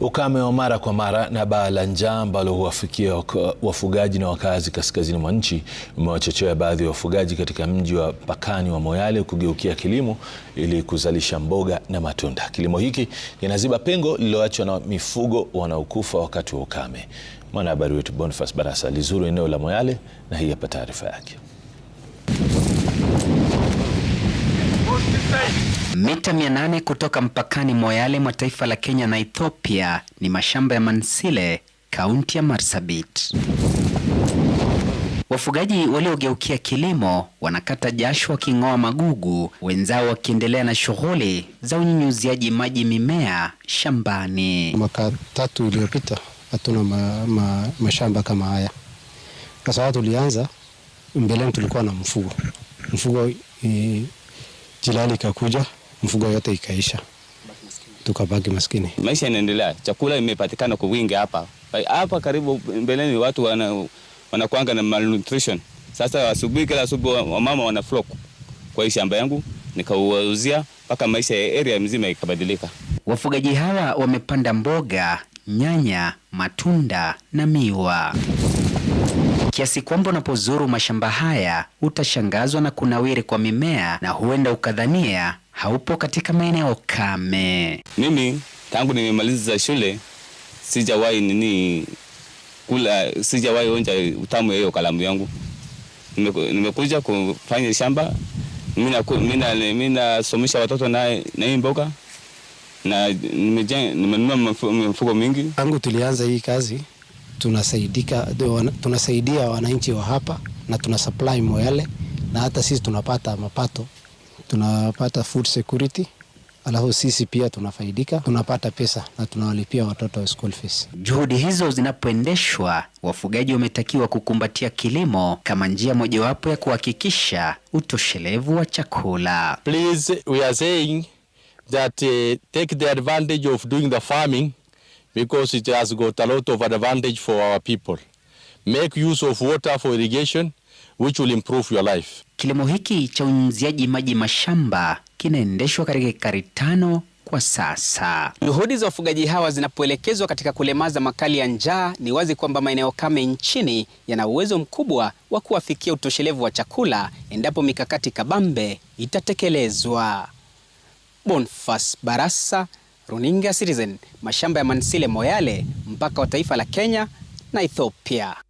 Ukame wa mara kwa mara na baa la njaa ambalo huwafikia wafugaji na wakazi kaskazini mwa nchi umewachochea baadhi ya wafugaji katika mji wa mpakani wa Moyale kugeukia kilimo ili kuzalisha mboga na matunda. Kilimo hiki kinaziba pengo lililoachwa na mifugo wanaokufa wakati wa ukame. Mwanahabari wetu Boniface Barasa alizuru eneo la Moyale na hii hapa taarifa yake. Mita 800 kutoka mpakani Moyale mwa taifa la Kenya na Ethiopia ni mashamba ya Mansile, kaunti ya Marsabit. Wafugaji waliogeukia kilimo wanakata jasho waking'oa magugu, wenzao wakiendelea na shughuli za unyunyuziaji maji mimea shambani. Mwaka tatu iliyopita hatuna ma, ma, mashamba kama haya. Sasa tulianza mbeleni, tulikuwa na mfugo mfugo eh, jilali ikakuja, mfugo yote ikaisha, tukabaki maskini. Maisha inaendelea, chakula imepatikana kwa wingi hapa hapa karibu. Mbeleni watu wana wanakuanga na malnutrition. Sasa asubuhi, kila asubuhi wamama wana flock kwa hii shamba yangu, nikauuzia mpaka maisha ya area mzima ikabadilika. Wafugaji hawa wamepanda mboga, nyanya, matunda na miwa kiasi kwamba unapozuru mashamba haya utashangazwa na kunawiri kwa mimea na huenda ukadhania haupo katika maeneo kame. Mimi tangu nimemaliza shule sijawahi nini kula, sijawahi onja utamu hiyo kalamu yangu. Nimekuja kufanya shamba, mimi nasomesha watoto na hii mboga na nimenunua mifuko mingi tangu tulianza hii kazi tunasaidika, tunasaidia wananchi wa hapa na tuna supply Moyale, na hata sisi tunapata mapato, tunapata food security alafu sisi pia tunafaidika, tunapata pesa na tunawalipia watoto school fees. Juhudi hizo zinapoendeshwa, wafugaji wametakiwa kukumbatia kilimo kama njia mojawapo ya kuhakikisha utoshelevu wa chakula. Please, we are saying that, uh, take the advantage of doing the farming because it has got a lot of advantage for our people. Make use of water for irrigation which will improve your life. Kilimo hiki cha unyunyiziaji maji mashamba kinaendeshwa katika ekari tano kwa sasa. Juhudi za wafugaji hawa zinapoelekezwa katika kulemaza makali ya njaa, ni wazi kwamba maeneo kame nchini yana uwezo mkubwa wa kuwafikia utoshelevu wa chakula endapo mikakati kabambe itatekelezwa. Bonfas Barasa Runinga Citizen, mashamba ya Mansile Moyale, mpaka wa taifa la Kenya na Ethiopia.